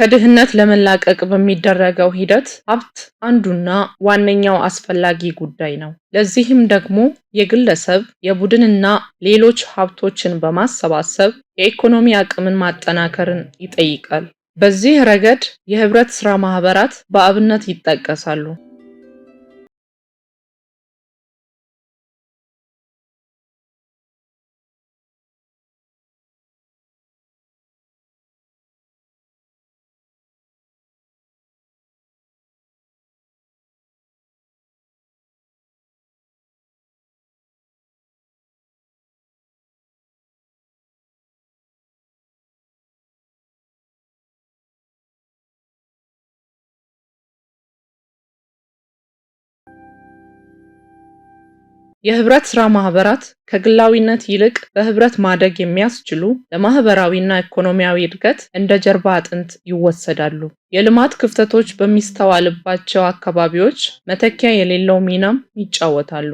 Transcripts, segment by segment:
ከድህነት ለመላቀቅ በሚደረገው ሂደት ሀብት አንዱና ዋነኛው አስፈላጊ ጉዳይ ነው። ለዚህም ደግሞ የግለሰብ የቡድንና ሌሎች ሀብቶችን በማሰባሰብ የኢኮኖሚ አቅምን ማጠናከርን ይጠይቃል። በዚህ ረገድ የህብረት ስራ ማህበራት በአብነት ይጠቀሳሉ። የህብረት ስራ ማህበራት ከግላዊነት ይልቅ በህብረት ማደግ የሚያስችሉ ለማህበራዊና ኢኮኖሚያዊ እድገት እንደ ጀርባ አጥንት ይወሰዳሉ። የልማት ክፍተቶች በሚስተዋልባቸው አካባቢዎች መተኪያ የሌለው ሚናም ይጫወታሉ።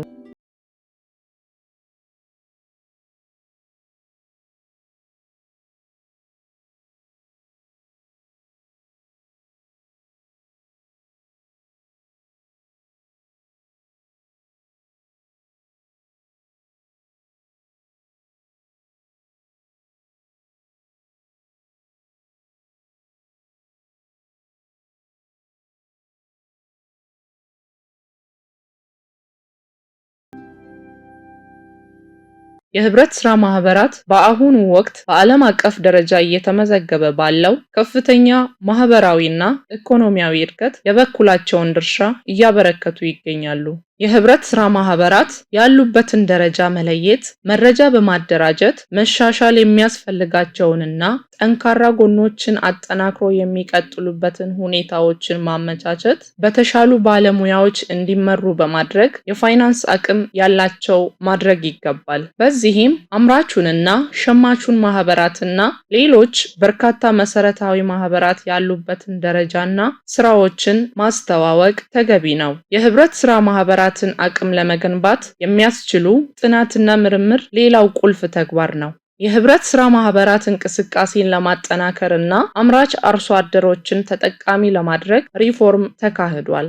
የህብረት ስራ ማህበራት በአሁኑ ወቅት በዓለም አቀፍ ደረጃ እየተመዘገበ ባለው ከፍተኛ ማህበራዊና ኢኮኖሚያዊ እድገት የበኩላቸውን ድርሻ እያበረከቱ ይገኛሉ። የህብረት ስራ ማህበራት ያሉበትን ደረጃ መለየት፣ መረጃ በማደራጀት መሻሻል የሚያስፈልጋቸውንና ጠንካራ ጎኖችን አጠናክሮ የሚቀጥሉበትን ሁኔታዎችን ማመቻቸት፣ በተሻሉ ባለሙያዎች እንዲመሩ በማድረግ የፋይናንስ አቅም ያላቸው ማድረግ ይገባል። በዚህም አምራቹንና ሸማቹን ማህበራትና ሌሎች በርካታ መሰረታዊ ማህበራት ያሉበትን ደረጃና ስራዎችን ማስተዋወቅ ተገቢ ነው። የህብረት ስራ ማህበራት የጥራትን አቅም ለመገንባት የሚያስችሉ ጥናትና ምርምር ሌላው ቁልፍ ተግባር ነው። የህብረት ስራ ማህበራት እንቅስቃሴን ለማጠናከር እና አምራች አርሶ አደሮችን ተጠቃሚ ለማድረግ ሪፎርም ተካሂዷል።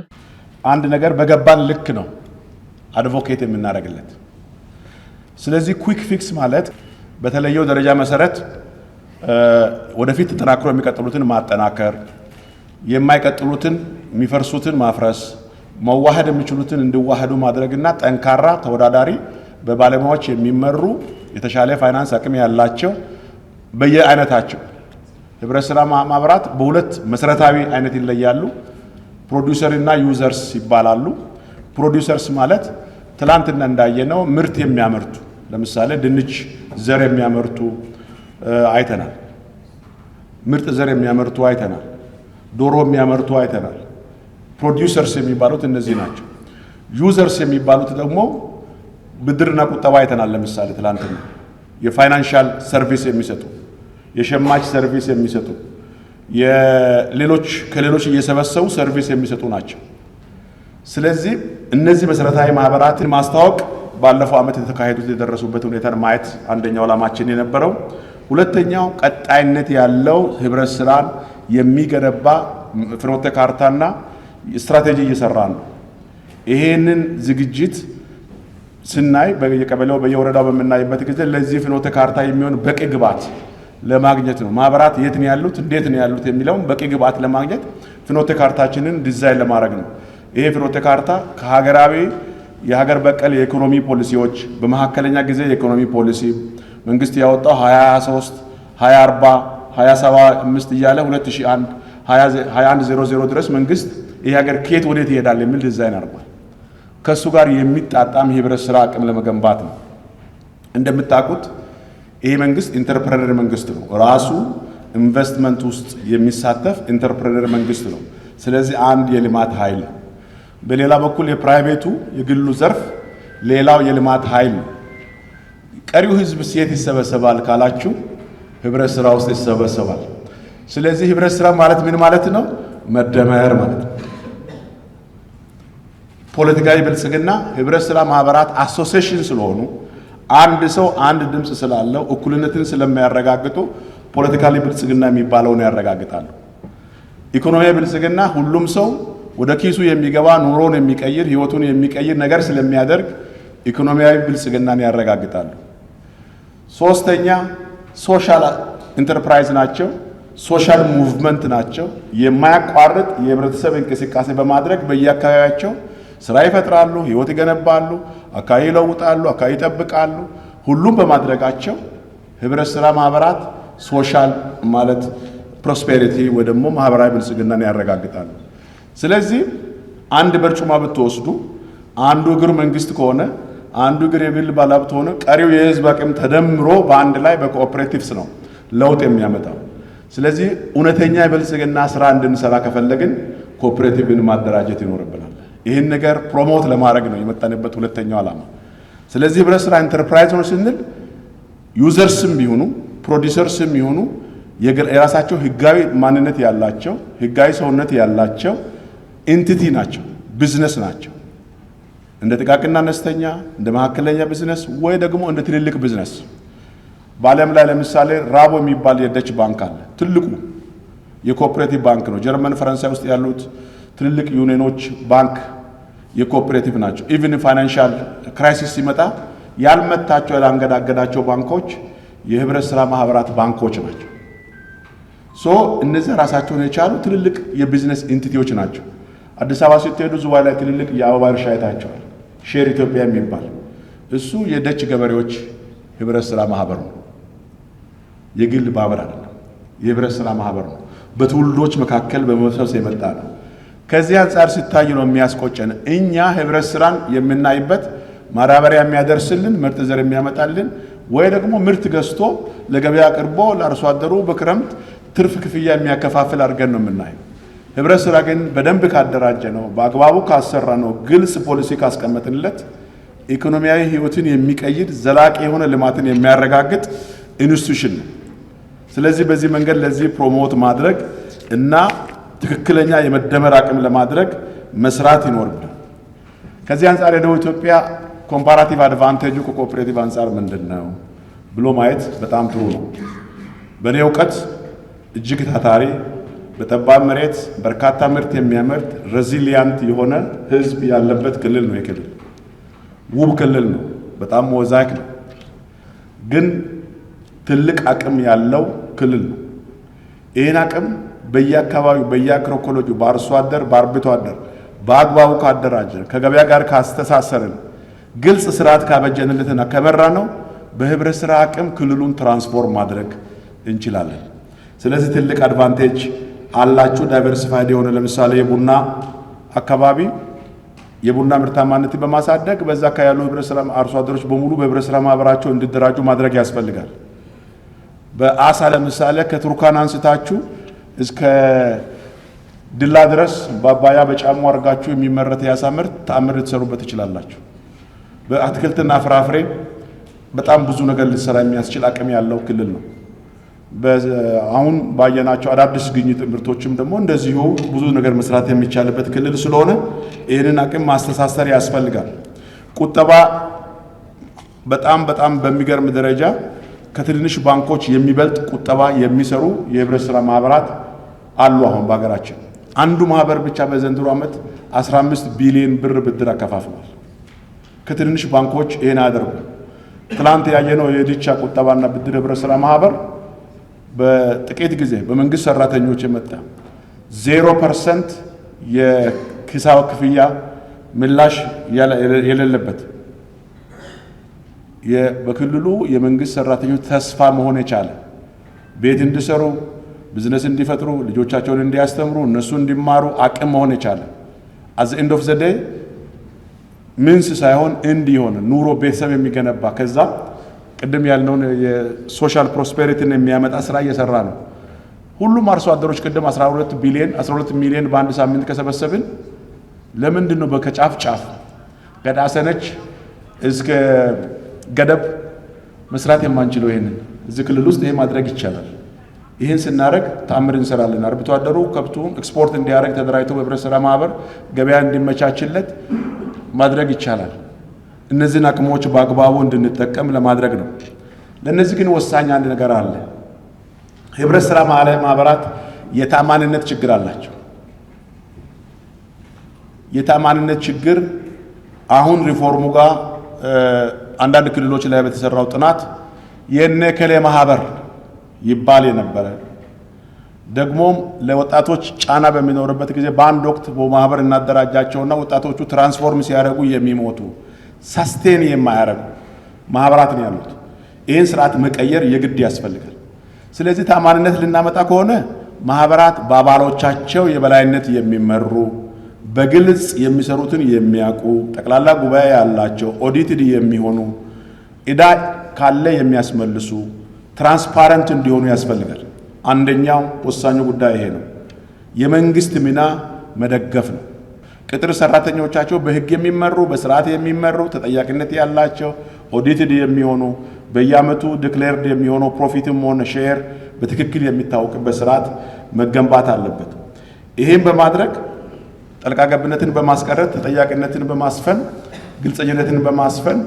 አንድ ነገር በገባን ልክ ነው አድቮኬት የምናደርግለት። ስለዚህ ኩዊክ ፊክስ ማለት በተለየው ደረጃ መሰረት ወደፊት ተጠናክሮ የሚቀጥሉትን ማጠናከር፣ የማይቀጥሉትን የሚፈርሱትን ማፍረስ መዋሃድ የሚችሉትን እንዲዋሃዱ ማድረግና ጠንካራ ተወዳዳሪ በባለሙያዎች የሚመሩ የተሻለ ፋይናንስ አቅም ያላቸው በየአይነታቸው ህብረት ስራ ማህበራት በሁለት መሰረታዊ አይነት ይለያሉ። ፕሮዲውሰር እና ዩዘርስ ይባላሉ። ፕሮዲውሰርስ ማለት ትላንትና እንዳየነው ምርት የሚያመርቱ ለምሳሌ ድንች ዘር የሚያመርቱ አይተናል። ምርጥ ዘር የሚያመርቱ አይተናል። ዶሮ የሚያመርቱ አይተናል። ፕሮዲውሰርስ የሚባሉት እነዚህ ናቸው። ዩዘርስ የሚባሉት ደግሞ ብድርና ቁጠባ አይተናል። ለምሳሌ ትላንትና የፋይናንሻል ሰርቪስ የሚሰጡ የሸማች ሰርቪስ የሚሰጡ የሌሎች ከሌሎች እየሰበሰቡ ሰርቪስ የሚሰጡ ናቸው። ስለዚህ እነዚህ መሰረታዊ ማህበራትን ማስተዋወቅ ባለፈው ዓመት የተካሄዱት የደረሱበት ሁኔታን ማየት አንደኛው ዓላማችን የነበረው፣ ሁለተኛው ቀጣይነት ያለው ህብረት ስራን የሚገነባ ፍኖተ ካርታና ስትራቴጂ እየሰራ ነው። ይሄንን ዝግጅት ስናይ በየቀበሌው በየወረዳው በምናይበት ጊዜ ለዚህ ፍኖተ ካርታ የሚሆን በቂ ግብዓት ለማግኘት ነው። ማህበራት የት ነው ያሉት፣ እንዴት ነው ያሉት የሚለውን በቂ ግብዓት ለማግኘት ፍኖተ ካርታችንን ዲዛይን ለማድረግ ነው። ይሄ ፍኖተ ካርታ ከሀገራዊ የሀገር በቀል የኢኮኖሚ ፖሊሲዎች በመካከለኛ ጊዜ የኢኮኖሚ ፖሊሲ መንግስት ያወጣው 2023 2040 2075 እያለ 2001 2100 ድረስ መንግስት ይህ ሀገር ከየት ወዴት ይሄዳል የሚል ዲዛይን አድርጓል። ከእሱ ጋር የሚጣጣም የህብረት ስራ አቅም ለመገንባት ነው። እንደምታውቁት ይሄ መንግስት ኢንተርፕረነር መንግስት ነው። ራሱ ኢንቨስትመንት ውስጥ የሚሳተፍ ኢንተርፕረነር መንግስት ነው። ስለዚህ አንድ የልማት ኃይል ነው። በሌላ በኩል የፕራይቬቱ የግሉ ዘርፍ ሌላው የልማት ኃይል ነው። ቀሪው ህዝብ ሴት ይሰበሰባል ካላችሁ ህብረት ስራ ውስጥ ይሰበሰባል። ስለዚህ ህብረት ስራ ማለት ምን ማለት ነው? መደመር ማለት ነው። ፖለቲካዊ ብልጽግና ህብረት ስራ ማህበራት አሶሴሽን ስለሆኑ አንድ ሰው አንድ ድምፅ ስላለው እኩልነትን ስለሚያረጋግጡ ፖለቲካዊ ብልጽግና የሚባለውን ያረጋግጣሉ። ኢኮኖሚያዊ ብልጽግና ሁሉም ሰው ወደ ኪሱ የሚገባ ኑሮን የሚቀይር ህይወቱን የሚቀይር ነገር ስለሚያደርግ ኢኮኖሚያዊ ብልጽግናን ያረጋግጣሉ። ሶስተኛ ሶሻል ኢንተርፕራይዝ ናቸው። ሶሻል ሙቭመንት ናቸው። የማያቋርጥ የህብረተሰብ እንቅስቃሴ በማድረግ በየአካባቢያቸው ስራ ይፈጥራሉ፣ ህይወት ይገነባሉ፣ አካባቢ ይለውጣሉ፣ አካባቢ ይጠብቃሉ። ሁሉም በማድረጋቸው ህብረት ስራ ማህበራት ሶሻል ማለት ፕሮስፔሪቲ ወይ ደግሞ ማህበራዊ ብልጽግናን ያረጋግጣሉ። ስለዚህ አንድ በርጩማ ብትወስዱ አንዱ እግር መንግስት ከሆነ አንዱ እግር የግል ባለሀብት ሆነ ቀሪው የህዝብ አቅም ተደምሮ በአንድ ላይ በኮኦፕሬቲቭስ ነው ለውጥ የሚያመጣው። ስለዚህ እውነተኛ የብልጽግና ስራ እንድንሰራ ከፈለግን ኮኦፕሬቲቭን ማደራጀት ይኖርብናል። ይህን ነገር ፕሮሞት ለማድረግ ነው የመጣንበት ሁለተኛው ዓላማ። ስለዚህ ብረስራ ስራ ኢንተርፕራይዝ ሆነ ስንል ዩዘርስም ቢሆኑ ፕሮዲሰርስም ቢሆኑ የራሳቸው ህጋዊ ማንነት ያላቸው ህጋዊ ሰውነት ያላቸው ኢንቲቲ ናቸው፣ ቢዝነስ ናቸው። እንደ ጥቃቅና አነስተኛ እንደ መካከለኛ ቢዝነስ ወይ ደግሞ እንደ ትልልቅ ቢዝነስ በዓለም ላይ ለምሳሌ ራቦ የሚባል የደች ባንክ አለ። ትልቁ የኮኦፕሬቲቭ ባንክ ነው። ጀርመን፣ ፈረንሳይ ውስጥ ያሉት ትልልቅ ዩኒዮኖች ባንክ የኮኦፕሬቲቭ ናቸው። ኢቭን ፋይናንሻል ክራይሲስ ሲመጣ ያልመታቸው ያላንገዳገዳቸው ባንኮች የህብረት ስራ ማህበራት ባንኮች ናቸው። ሶ እነዚህ ራሳቸውን የቻሉ ትልልቅ የቢዝነስ ኢንቲቲዎች ናቸው። አዲስ አበባ ስትሄዱ ዙባ ላይ ትልልቅ የአበባ እርሻ አይታቸዋል ሼር ኢትዮጵያ የሚባል እሱ የደች ገበሬዎች ህብረት ስራ ማህበር ነው። የግል ማህበር አይደለም፣ የህብረት ስራ ማህበር ነው። በትውልዶች መካከል በመሰብሰብ የመጣ ነው። ከዚህ አንጻር ሲታይ ነው የሚያስቆጨን። እኛ ህብረት ስራን የምናይበት ማዳበሪያ የሚያደርስልን ምርጥ ዘር የሚያመጣልን ወይ ደግሞ ምርት ገዝቶ ለገበያ አቅርቦ ለአርሶ አደሩ በክረምት ትርፍ ክፍያ የሚያከፋፍል አድርገን ነው የምናየው። ህብረት ስራ ግን በደንብ ካደራጀ ነው፣ በአግባቡ ካሰራ ነው፣ ግልጽ ፖሊሲ ካስቀመጥንለት ኢኮኖሚያዊ ህይወትን የሚቀይድ ዘላቂ የሆነ ልማትን የሚያረጋግጥ ኢንስቲቱሽን ነው። ስለዚህ በዚህ መንገድ ለዚህ ፕሮሞት ማድረግ እና ትክክለኛ የመደመር አቅም ለማድረግ መስራት ይኖርብናል። ከዚህ አንጻር የደቡብ ኢትዮጵያ ኮምፓራቲቭ አድቫንቴጁ ከኮኦፕሬቲቭ አንጻር ምንድን ነው ብሎ ማየት በጣም ጥሩ ነው። በእኔ እውቀት እጅግ ታታሪ በጠባብ መሬት በርካታ ምርት የሚያመርት ሬዚሊያንት የሆነ ህዝብ ያለበት ክልል ነው። የክልል ውብ ክልል ነው። በጣም ሞዛይክ ነው፣ ግን ትልቅ አቅም ያለው ክልል ነው። ይህን አቅም በየአካባቢው በየአግሮኢኮሎጂ በአርሶ አደር በአርብቶ አደር በአግባቡ ካደራጀን ከገበያ ጋር ካስተሳሰርን ግልጽ ስርዓት ካበጀንለትና ከመራ ነው በህብረት ስራ አቅም ክልሉን ትራንስፎርም ማድረግ እንችላለን። ስለዚህ ትልቅ አድቫንቴጅ አላችሁ። ዳይቨርሲፋይድ የሆነ ለምሳሌ የቡና አካባቢ የቡና ምርታማነትን በማሳደግ በዛ አካባቢ ያሉ ህብረት ስራ አርሶ አደሮች በሙሉ በህብረት ስራ ማህበራቸው እንዲደራጁ ማድረግ ያስፈልጋል። በአሳ ለምሳሌ ከቱርካን አንስታችሁ እስከ ድላ ድረስ በአባያ በጫሙ አድርጋችሁ የሚመረት የአሳ ምርት ተአምር ልትሰሩበት ትችላላችሁ። በአትክልትና ፍራፍሬ በጣም ብዙ ነገር ልትሰራ የሚያስችል አቅም ያለው ክልል ነው። አሁን ባየናቸው አዳዲስ ግኝት ምርቶችም ደግሞ እንደዚሁ ብዙ ነገር መስራት የሚቻልበት ክልል ስለሆነ ይህንን አቅም ማስተሳሰር ያስፈልጋል። ቁጠባ በጣም በጣም በሚገርም ደረጃ ከትንንሽ ባንኮች የሚበልጥ ቁጠባ የሚሰሩ የህብረት ስራ ማህበራት አሉ አሁን በሀገራችን አንዱ ማህበር ብቻ በዘንድሮ ዓመት 15 ቢሊዮን ብር ብድር አከፋፍሏል። ከትንንሽ ባንኮች ይሄን አያደርጉ። ትላንት ያየነው የዲቻ ቁጠባና ብድር ህብረ ስራ ማህበር በጥቂት ጊዜ በመንግስት ሰራተኞች የመጣ 0% የሂሳብ ክፍያ ምላሽ የሌለበት በክልሉ የመንግስት ሰራተኞች ተስፋ መሆን የቻለ ቤት እንዲሰሩ ቢዝነስ እንዲፈጥሩ፣ ልጆቻቸውን እንዲያስተምሩ፣ እነሱ እንዲማሩ አቅም መሆን የቻለ አዘ ኤንድ ኦፍ ዘዴ ምንስ ሳይሆን እንዲሆን ኑሮ ቤተሰብ የሚገነባ ከዛ ቅድም ያልነውን የሶሻል ፕሮስፔሪቲን የሚያመጣ ስራ እየሰራ ነው። ሁሉም አርሶ አደሮች ቅድም 12 ቢሊዮን 12 ሚሊዮን በአንድ ሳምንት ከሰበሰብን ለምንድን ነው በከጫፍ ጫፍ ከዳሰነች እስከ ገደብ መስራት የማንችለው? ይሄንን እዚህ ክልል ውስጥ ይሄ ማድረግ ይቻላል። ይህን ስናደረግ ተአምር እንሰራለን። አርብቶ አደሩ ከብቱ ኤክስፖርት እንዲያደረግ ተደራጅቶ በህብረት ስራ ማህበር ገበያ እንዲመቻችለት ማድረግ ይቻላል። እነዚህን አቅሞች በአግባቡ እንድንጠቀም ለማድረግ ነው። ለእነዚህ ግን ወሳኝ አንድ ነገር አለ። ህብረት ስራ ማህበራት የታማንነት ችግር አላቸው። የታማንነት ችግር አሁን ሪፎርሙ ጋር አንዳንድ ክልሎች ላይ በተሰራው ጥናት የነ ከሌ ማህበር ይባል የነበረ ደግሞም ለወጣቶች ጫና በሚኖርበት ጊዜ በአንድ ወቅት በማህበር እናደራጃቸውና ወጣቶቹ ትራንስፎርም ሲያደርጉ የሚሞቱ ሳስቴን የማያደርጉ ማህበራት ነው ያሉት። ይህን ስርዓት መቀየር የግድ ያስፈልጋል። ስለዚህ ታማኒነት ልናመጣ ከሆነ ማህበራት በአባሎቻቸው የበላይነት የሚመሩ በግልጽ የሚሰሩትን የሚያውቁ ጠቅላላ ጉባኤ ያላቸው ኦዲትድ የሚሆኑ ኢዳ ካለ የሚያስመልሱ ትራንስፓረንት እንዲሆኑ ያስፈልጋል። አንደኛው ወሳኙ ጉዳይ ይሄ ነው። የመንግስት ሚና መደገፍ ነው። ቅጥር ሰራተኞቻቸው በህግ የሚመሩ በስርዓት የሚመሩ ተጠያቂነት ያላቸው ኦዲትድ የሚሆኑ በየአመቱ ዲክሌርድ የሚሆነው ፕሮፊትም ሆነ ሼር በትክክል የሚታወቅበት ስርዓት መገንባት አለበት። ይህም በማድረግ ጠልቃ ገብነትን በማስቀረት ተጠያቂነትን በማስፈን ግልጸኝነትን በማስፈን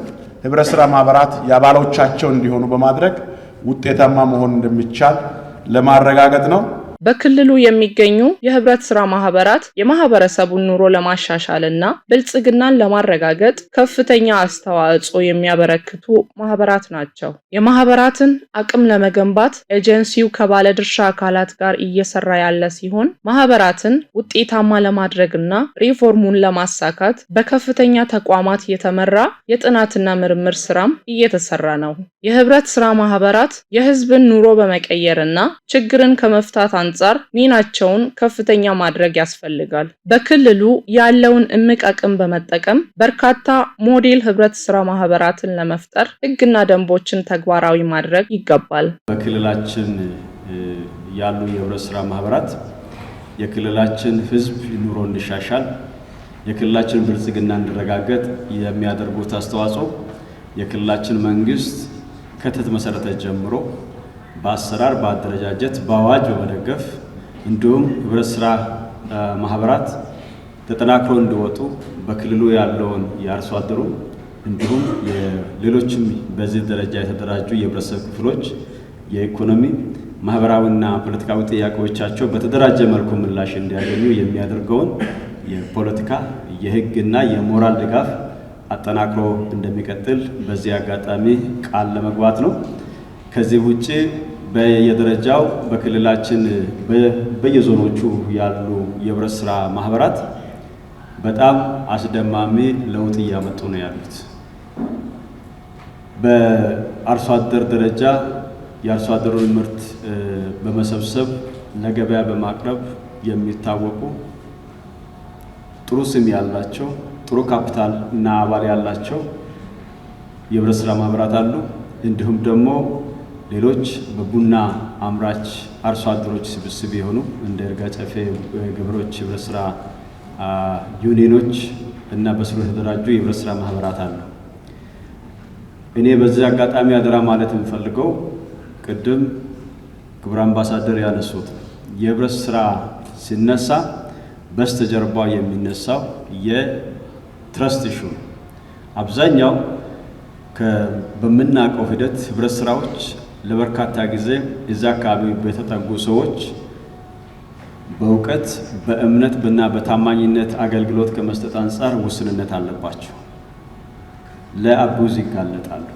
ህብረት ስራ ማህበራት የአባሎቻቸው እንዲሆኑ በማድረግ ውጤታማ መሆን እንደሚቻል ለማረጋገጥ ነው። በክልሉ የሚገኙ የህብረት ስራ ማህበራት የማህበረሰቡን ኑሮ ለማሻሻል እና ብልጽግናን ለማረጋገጥ ከፍተኛ አስተዋጽኦ የሚያበረክቱ ማህበራት ናቸው። የማህበራትን አቅም ለመገንባት ኤጀንሲው ከባለድርሻ አካላት ጋር እየሰራ ያለ ሲሆን ማህበራትን ውጤታማ ለማድረግ እና ሪፎርሙን ለማሳካት በከፍተኛ ተቋማት የተመራ የጥናትና ምርምር ስራም እየተሰራ ነው። የህብረት ስራ ማህበራት የህዝብን ኑሮ በመቀየር እና ችግርን ከመፍታት አንጻር ሚናቸውን ከፍተኛ ማድረግ ያስፈልጋል። በክልሉ ያለውን እምቅ አቅም በመጠቀም በርካታ ሞዴል ህብረት ስራ ማህበራትን ለመፍጠር ህግና ደንቦችን ተግባራዊ ማድረግ ይገባል። በክልላችን ያሉ የህብረት ስራ ማህበራት የክልላችን ህዝብ ኑሮ እንዲሻሻል፣ የክልላችን ብልጽግና እንዲረጋገጥ የሚያደርጉት አስተዋጽኦ የክልላችን መንግስት ከትት መሰረተ ጀምሮ በአሰራር፣ በአደረጃጀት፣ በአዋጅ በመደገፍ እንዲሁም ህብረት ስራ ማህበራት ተጠናክሮ እንዲወጡ በክልሉ ያለውን የአርሶ አደሩ እንዲሁም ሌሎችም በዚህ ደረጃ የተደራጁ የህብረተሰብ ክፍሎች የኢኮኖሚ ማህበራዊና ፖለቲካዊ ጥያቄዎቻቸው በተደራጀ መልኩ ምላሽ እንዲያገኙ የሚያደርገውን የፖለቲካ የህግና የሞራል ድጋፍ አጠናክሮ እንደሚቀጥል በዚህ አጋጣሚ ቃል ለመግባት ነው። ከዚህ ውጭ በየደረጃው በክልላችን በየዞኖቹ ያሉ የህብረት ስራ ማህበራት በጣም አስደማሚ ለውጥ እያመጡ ነው ያሉት። በአርሶ አደር ደረጃ የአርሶ አደሩን ምርት በመሰብሰብ ለገበያ በማቅረብ የሚታወቁ ጥሩ ስም ያላቸው ጥሩ ካፒታል እና አባል ያላቸው የህብረት ስራ ማህበራት አሉ። እንዲሁም ደግሞ ሌሎች በቡና አምራች አርሶ አደሮች ስብስብ የሆኑ እንደ እርጋ ጨፌ ግብሮች ህብረት ስራ ዩኒየኖች እና በስሩ የተደራጁ የህብረት ስራ ማህበራት አሉ። እኔ በዚህ አጋጣሚ አደራ ማለት የምፈልገው ቅድም ክቡር አምባሳደር ያነሱት የህብረት ስራ ሲነሳ በስተጀርባ የሚነሳው የትረስት ኢሹ ነው። አብዛኛው በምናውቀው ሂደት ህብረት ስራዎች ለበርካታ ጊዜ እዛ አካባቢ በተጠጉ ሰዎች በእውቀት በእምነት እና በታማኝነት አገልግሎት ከመስጠት አንጻር ውስንነት አለባቸው፣ ለአቡዝ ይጋለጣሉ።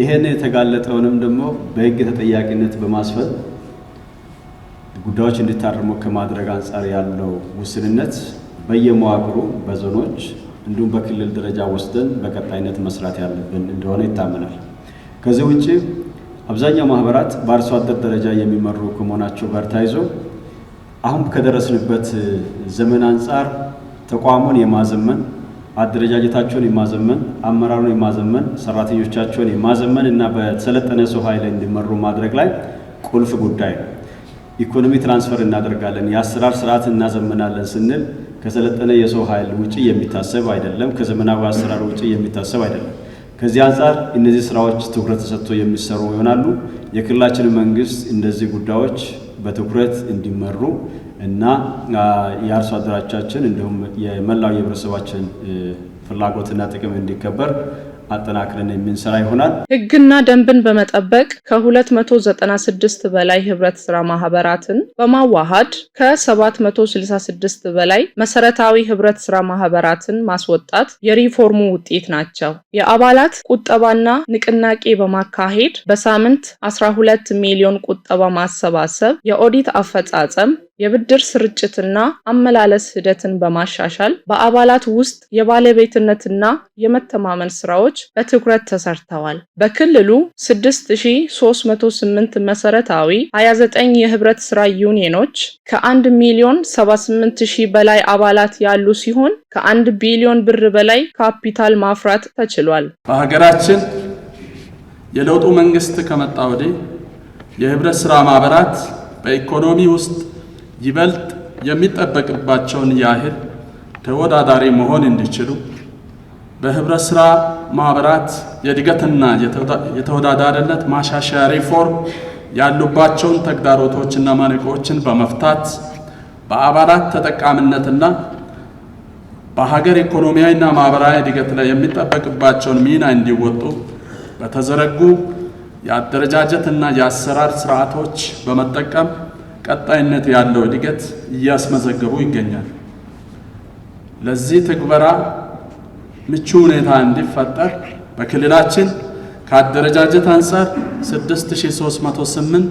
ይሄን የተጋለጠውንም ደግሞ በህግ ተጠያቂነት በማስፈል ጉዳዮች እንዲታርሙ ከማድረግ አንጻር ያለው ውስንነት በየመዋቅሩ በዞኖች እንዲሁም በክልል ደረጃ ወስደን በቀጣይነት መስራት ያለብን እንደሆነ ይታመናል። ከዚህ ውጭ አብዛኛው ማህበራት በአርሶ አደር ደረጃ የሚመሩ ከመሆናቸው ጋር ተያይዞ አሁን ከደረስንበት ዘመን አንጻር ተቋሙን የማዘመን አደረጃጀታቸውን የማዘመን አመራሩን የማዘመን ሰራተኞቻቸውን የማዘመን እና በሰለጠነ ሰው ኃይል እንዲመሩ ማድረግ ላይ ቁልፍ ጉዳይ ነው። ኢኮኖሚ ትራንስፈር እናደርጋለን፣ የአሰራር ስርዓት እናዘመናለን ስንል ከሰለጠነ የሰው ኃይል ውጪ የሚታሰብ አይደለም። ከዘመናዊ አሰራር ውጪ የሚታሰብ አይደለም። ከዚህ አንጻር እነዚህ ስራዎች ትኩረት ተሰጥቶ የሚሰሩ ይሆናሉ። የክልላችን መንግስት እንደዚህ ጉዳዮች በትኩረት እንዲመሩ እና የአርሶ አደራቻችን እንዲሁም የመላው የህብረተሰባችን ፍላጎትና ጥቅም እንዲከበር አጠናክረን የምንሰራ ይሆናል። ህግና ደንብን በመጠበቅ ከ296 በላይ ህብረት ስራ ማህበራትን በማዋሃድ ከ766 በላይ መሰረታዊ ህብረት ስራ ማህበራትን ማስወጣት የሪፎርሙ ውጤት ናቸው። የአባላት ቁጠባና ንቅናቄ በማካሄድ በሳምንት 12 ሚሊዮን ቁጠባ ማሰባሰብ፣ የኦዲት አፈጻጸም የብድር ስርጭትና አመላለስ ሂደትን በማሻሻል በአባላት ውስጥ የባለቤትነትና የመተማመን ስራዎች በትኩረት ተሰርተዋል። በክልሉ 6308 መሰረታዊ 29 የህብረት ስራ ዩኒየኖች ከ1 ሚሊዮን ሺህ በላይ አባላት ያሉ ሲሆን ከ1 ቢሊዮን ብር በላይ ካፒታል ማፍራት ተችሏል። በሀገራችን የለውጡ መንግስት ከመጣ ወዲህ የህብረት ስራ ማህበራት በኢኮኖሚ ውስጥ ይበልጥ የሚጠበቅባቸውን ያህል ተወዳዳሪ መሆን እንዲችሉ በህብረት ስራ ማህበራት የእድገትና የተወዳዳሪነት ማሻሻያ ሪፎርም ያሉባቸውን ተግዳሮቶችና ማነቆዎችን በመፍታት በአባላት ተጠቃሚነትና በሀገር ኢኮኖሚያዊና ማህበራዊ እድገት ላይ የሚጠበቅባቸውን ሚና እንዲወጡ በተዘረጉ የአደረጃጀትና የአሰራር ስርዓቶች በመጠቀም ቀጣይነት ያለው እድገት እያስመዘገቡ ይገኛል። ለዚህ ትግበራ ምቹ ሁኔታ እንዲፈጠር በክልላችን ከአደረጃጀት አንጻር 6308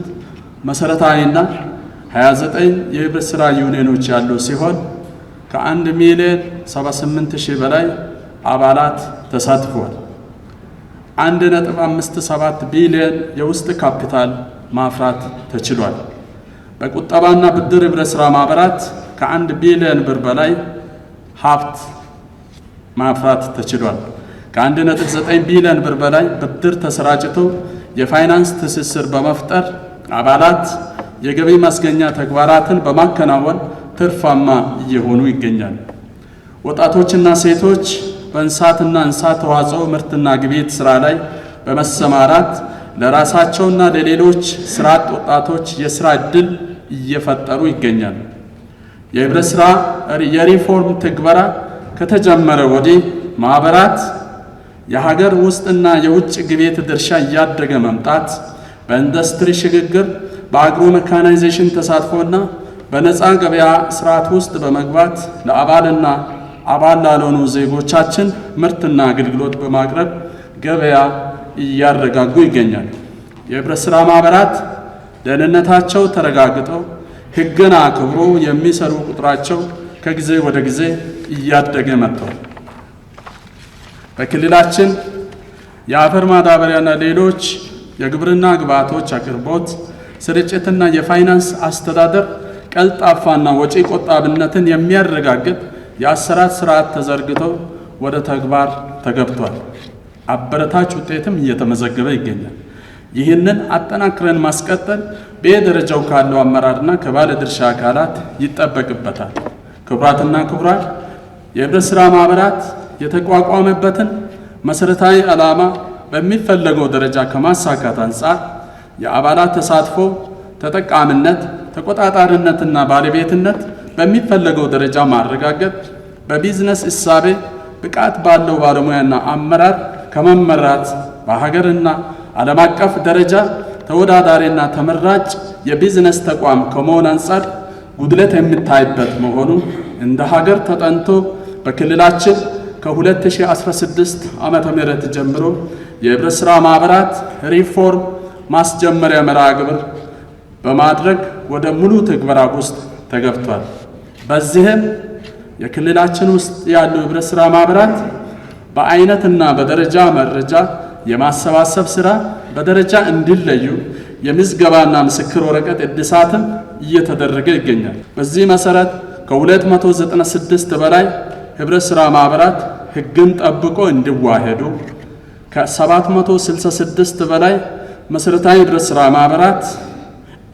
መሰረታዊና 29 የህብረት ስራ ዩኒየኖች ያሉ ሲሆን ከ1 ሚሊዮን 78 ሺህ በላይ አባላት ተሳትፏል። 1.57 ቢሊዮን የውስጥ ካፒታል ማፍራት ተችሏል። በቁጠባና ብድር ህብረ ስራ ማህበራት ከአንድ ቢሊዮን ብር በላይ ሀብት ማፍራት ተችሏል። ከ1.9 ቢሊዮን ብር በላይ ብድር ተሰራጭቶ የፋይናንስ ትስስር በመፍጠር አባላት የገቢ ማስገኛ ተግባራትን በማከናወን ትርፋማ እየሆኑ ይገኛል። ወጣቶችና ሴቶች በእንስሳትና እንስሳት ተዋጽኦ ምርትና ግብይት ስራ ላይ በመሰማራት ለራሳቸውና ለሌሎች ስራ አጥ ወጣቶች የስራ ዕድል እየፈጠሩ ይገኛሉ። የህብረት ስራ የሪፎርም ትግበራ ከተጀመረ ወዲህ ማህበራት የሀገር ውስጥና የውጭ ግቤት ድርሻ እያደገ መምጣት በኢንዱስትሪ ሽግግር በአግሮ ሜካናይዜሽን ተሳትፎና በነፃ ገበያ ስርዓት ውስጥ በመግባት ለአባልና አባል ላልሆኑ ዜጎቻችን ምርትና አገልግሎት በማቅረብ ገበያ እያረጋጉ ይገኛል። የህብረት ስራ ማህበራት ደህንነታቸው ተረጋግጠው ሕግን አክብሮ የሚሰሩ ቁጥራቸው ከጊዜ ወደ ጊዜ እያደገ መጥቷል። በክልላችን የአፈር ማዳበሪያና ሌሎች የግብርና ግብዓቶች አቅርቦት ስርጭትና የፋይናንስ አስተዳደር ቀልጣፋና ወጪ ቆጣብነትን የሚያረጋግጥ የአሰራር ስርዓት ተዘርግቶ ወደ ተግባር ተገብቷል። አበረታች ውጤትም እየተመዘገበ ይገኛል። ይህንን አጠናክረን ማስቀጠል በየደረጃው ካለው አመራርና ድርሻ አካላት ይጠበቅበታል። ክቡራትና ክቡራት የህብረት ስራ ማኅበራት የተቋቋመበትን መሰረታዊ ዓላማ በሚፈለገው ደረጃ ከማሳካት አንጻር የአባላት ተሳትፎ፣ ተጠቃሚነት፣ ተቆጣጣሪነትና ባለቤትነት በሚፈለገው ደረጃ ማረጋገጥ በቢዝነስ እሳቤ ብቃት ባለው ባለሙያና አመራር ከመመራት በሀገርና ዓለም አቀፍ ደረጃ ተወዳዳሪና ተመራጭ የቢዝነስ ተቋም ከመሆን አንጻር ጉድለት የሚታይበት መሆኑ እንደ ሀገር ተጠንቶ በክልላችን ከ2016 ዓመተ ምህረት ጀምሮ የህብረት ሥራ ማኅበራት ሪፎርም ማስጀመሪያ መርሃ ግብር በማድረግ ወደ ሙሉ ትግበራ ውስጥ ተገብቷል። በዚህም የክልላችን ውስጥ ያሉ የህብረት ሥራ ማኅበራት በአይነትና በደረጃ መረጃ የማሰባሰብ ስራ በደረጃ እንዲለዩ የምዝገባና ምስክር ወረቀት እድሳትም እየተደረገ ይገኛል። በዚህ መሰረት ከ296 በላይ ህብረት ሥራ ማኅበራት ህግን ጠብቆ እንዲዋሄዱ፣ ከ766 በላይ መሠረታዊ ህብረት ሥራ ማኅበራት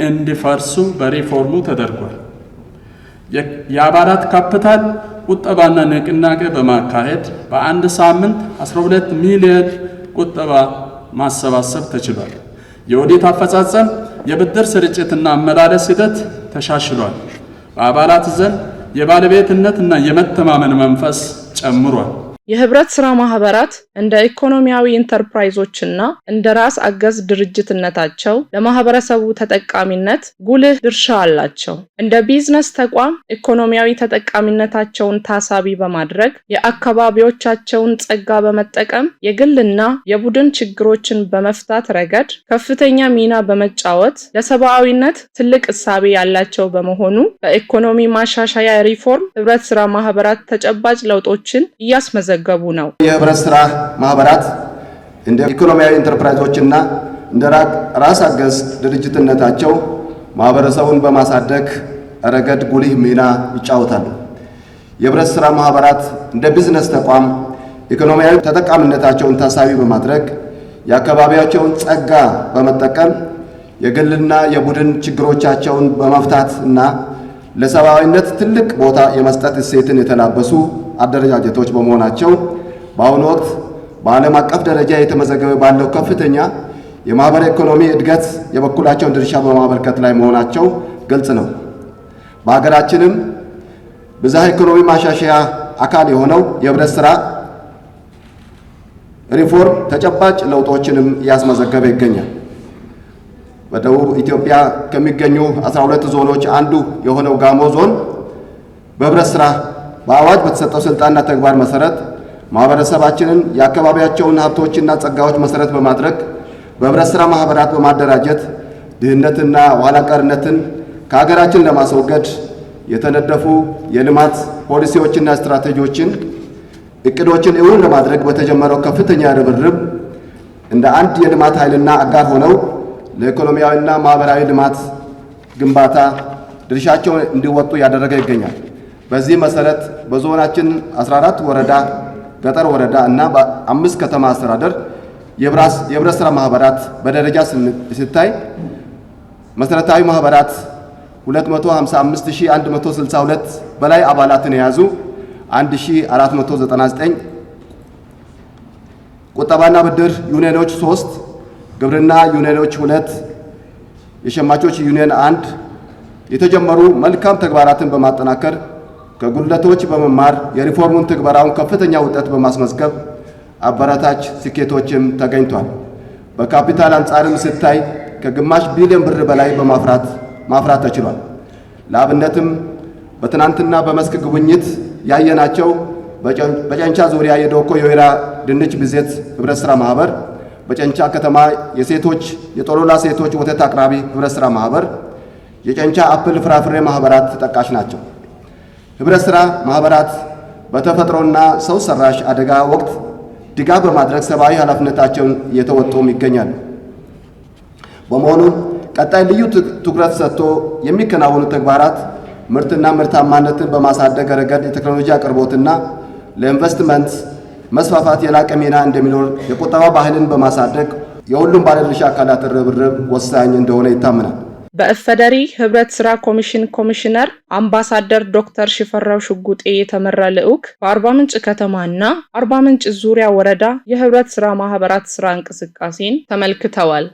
እንዲፈርሱ በሪፎርሙ ተደርጓል። የአባላት ካፒታል ቁጠባና ንቅናቄ በማካሄድ በአንድ ሳምንት 12 ሚሊዮን ቁጠባ ማሰባሰብ ተችሏል። የኦዲት አፈጻጸም፣ የብድር ስርጭትና አመላለስ ሂደት ተሻሽሏል። በአባላት ዘንድ የባለቤትነትና የመተማመን መንፈስ ጨምሯል። የህብረት ስራ ማህበራት እንደ ኢኮኖሚያዊ ኢንተርፕራይዞችና እንደ ራስ አገዝ ድርጅትነታቸው ለማህበረሰቡ ተጠቃሚነት ጉልህ ድርሻ አላቸው። እንደ ቢዝነስ ተቋም ኢኮኖሚያዊ ተጠቃሚነታቸውን ታሳቢ በማድረግ የአካባቢዎቻቸውን ጸጋ በመጠቀም የግልና የቡድን ችግሮችን በመፍታት ረገድ ከፍተኛ ሚና በመጫወት ለሰብአዊነት ትልቅ እሳቤ ያላቸው በመሆኑ በኢኮኖሚ ማሻሻያ ሪፎርም ህብረት ስራ ማህበራት ተጨባጭ ለውጦችን እያስመዘ እየተዘገቡ ነው። የህብረት ስራ ማህበራት እንደ ኢኮኖሚያዊ ኢንተርፕራይዞችና እንደ ራስ አገዝ ድርጅትነታቸው ማህበረሰቡን በማሳደግ ረገድ ጉልህ ሚና ይጫወታሉ። የህብረት ስራ ማህበራት እንደ ቢዝነስ ተቋም ኢኮኖሚያዊ ተጠቃሚነታቸውን ታሳቢ በማድረግ የአካባቢያቸውን ጸጋ በመጠቀም የግልና የቡድን ችግሮቻቸውን በመፍታት እና ለሰብአዊነት ትልቅ ቦታ የመስጠት እሴትን የተላበሱ አደረጃጀቶች በመሆናቸው በአሁኑ ወቅት በዓለም አቀፍ ደረጃ የተመዘገበ ባለው ከፍተኛ የማኅበረ ኢኮኖሚ እድገት የበኩላቸውን ድርሻ በማበርከት ላይ መሆናቸው ግልጽ ነው። በሀገራችንም ብዝሃ ኢኮኖሚ ማሻሻያ አካል የሆነው የህብረት ስራ ሪፎርም ተጨባጭ ለውጦችንም እያስመዘገበ ይገኛል። በደቡብ ኢትዮጵያ ከሚገኙ 12 ዞኖች አንዱ የሆነው ጋሞ ዞን በህብረት ስራ በአዋጅ በተሰጠው ስልጣንና ተግባር መሰረት ማህበረሰባችንን የአካባቢያቸውን ሀብቶችና ጸጋዎች መሰረት በማድረግ በህብረት ስራ ማህበራት በማደራጀት ድህነትና ኋላቀርነትን ከሀገራችን ለማስወገድ የተነደፉ የልማት ፖሊሲዎችና ስትራቴጂዎችን እቅዶችን እውን ለማድረግ በተጀመረው ከፍተኛ ርብርብ እንደ አንድ የልማት ኃይልና አጋር ሆነው ለኢኮኖሚያዊና ማህበራዊ ልማት ግንባታ ድርሻቸውን እንዲወጡ እያደረገ ይገኛል። በዚህ መሰረት በዞናችን 14 ወረዳ ገጠር ወረዳ እና በአምስት ከተማ አስተዳደር የህብረት ሥራ ማህበራት በደረጃ ሲታይ መሰረታዊ ማህበራት 255162 በላይ አባላትን የያዙ 1499 ቁጠባና ብድር ዩኒየኖች 3 ግብርና ዩኒየኖች ሁለት፣ የሸማቾች ዩኒየን አንድ የተጀመሩ መልካም ተግባራትን በማጠናከር ከጉድለቶች በመማር የሪፎርሙን ትግበራውን ከፍተኛ ውጤት በማስመዝገብ አበረታች ስኬቶችም ተገኝቷል። በካፒታል አንጻርም ስታይ ከግማሽ ቢሊዮን ብር በላይ በማፍራት ማፍራት ተችሏል። ለአብነትም በትናንትና በመስክ ጉብኝት ያየናቸው በጨንቻ ዙሪያ የዶኮ የወይራ ድንች ብዜት ህብረት ሥራ ማህበር በጨንቻ ከተማ የሴቶች የጦሎላ ሴቶች ወተት አቅራቢ ህብረት ሥራ ማህበር፣ የጨንቻ አፕል ፍራፍሬ ማህበራት ተጠቃሽ ናቸው። ህብረት ሥራ ማህበራት በተፈጥሮና ሰው ሰራሽ አደጋ ወቅት ድጋፍ በማድረግ ሰብአዊ ኃላፊነታቸውን እየተወጡም ይገኛሉ። በመሆኑም ቀጣይ ልዩ ትኩረት ሰጥቶ የሚከናወኑ ተግባራት ምርትና ምርታማነትን በማሳደግ ረገድ የቴክኖሎጂ አቅርቦትና ለኢንቨስትመንት መስፋፋት የላቀ ሚና እንደሚኖር የቁጠባ ባህልን በማሳደግ የሁሉም ባለድርሻ አካላት ርብርብ ወሳኝ እንደሆነ ይታመናል። በኢፌዴሪ ህብረት ስራ ኮሚሽን ኮሚሽነር አምባሳደር ዶክተር ሽፈራው ሽጉጤ የተመራ ልዑክ በአርባ ምንጭ ከተማና አርባ ምንጭ ዙሪያ ወረዳ የህብረት ስራ ማህበራት ስራ እንቅስቃሴን ተመልክተዋል።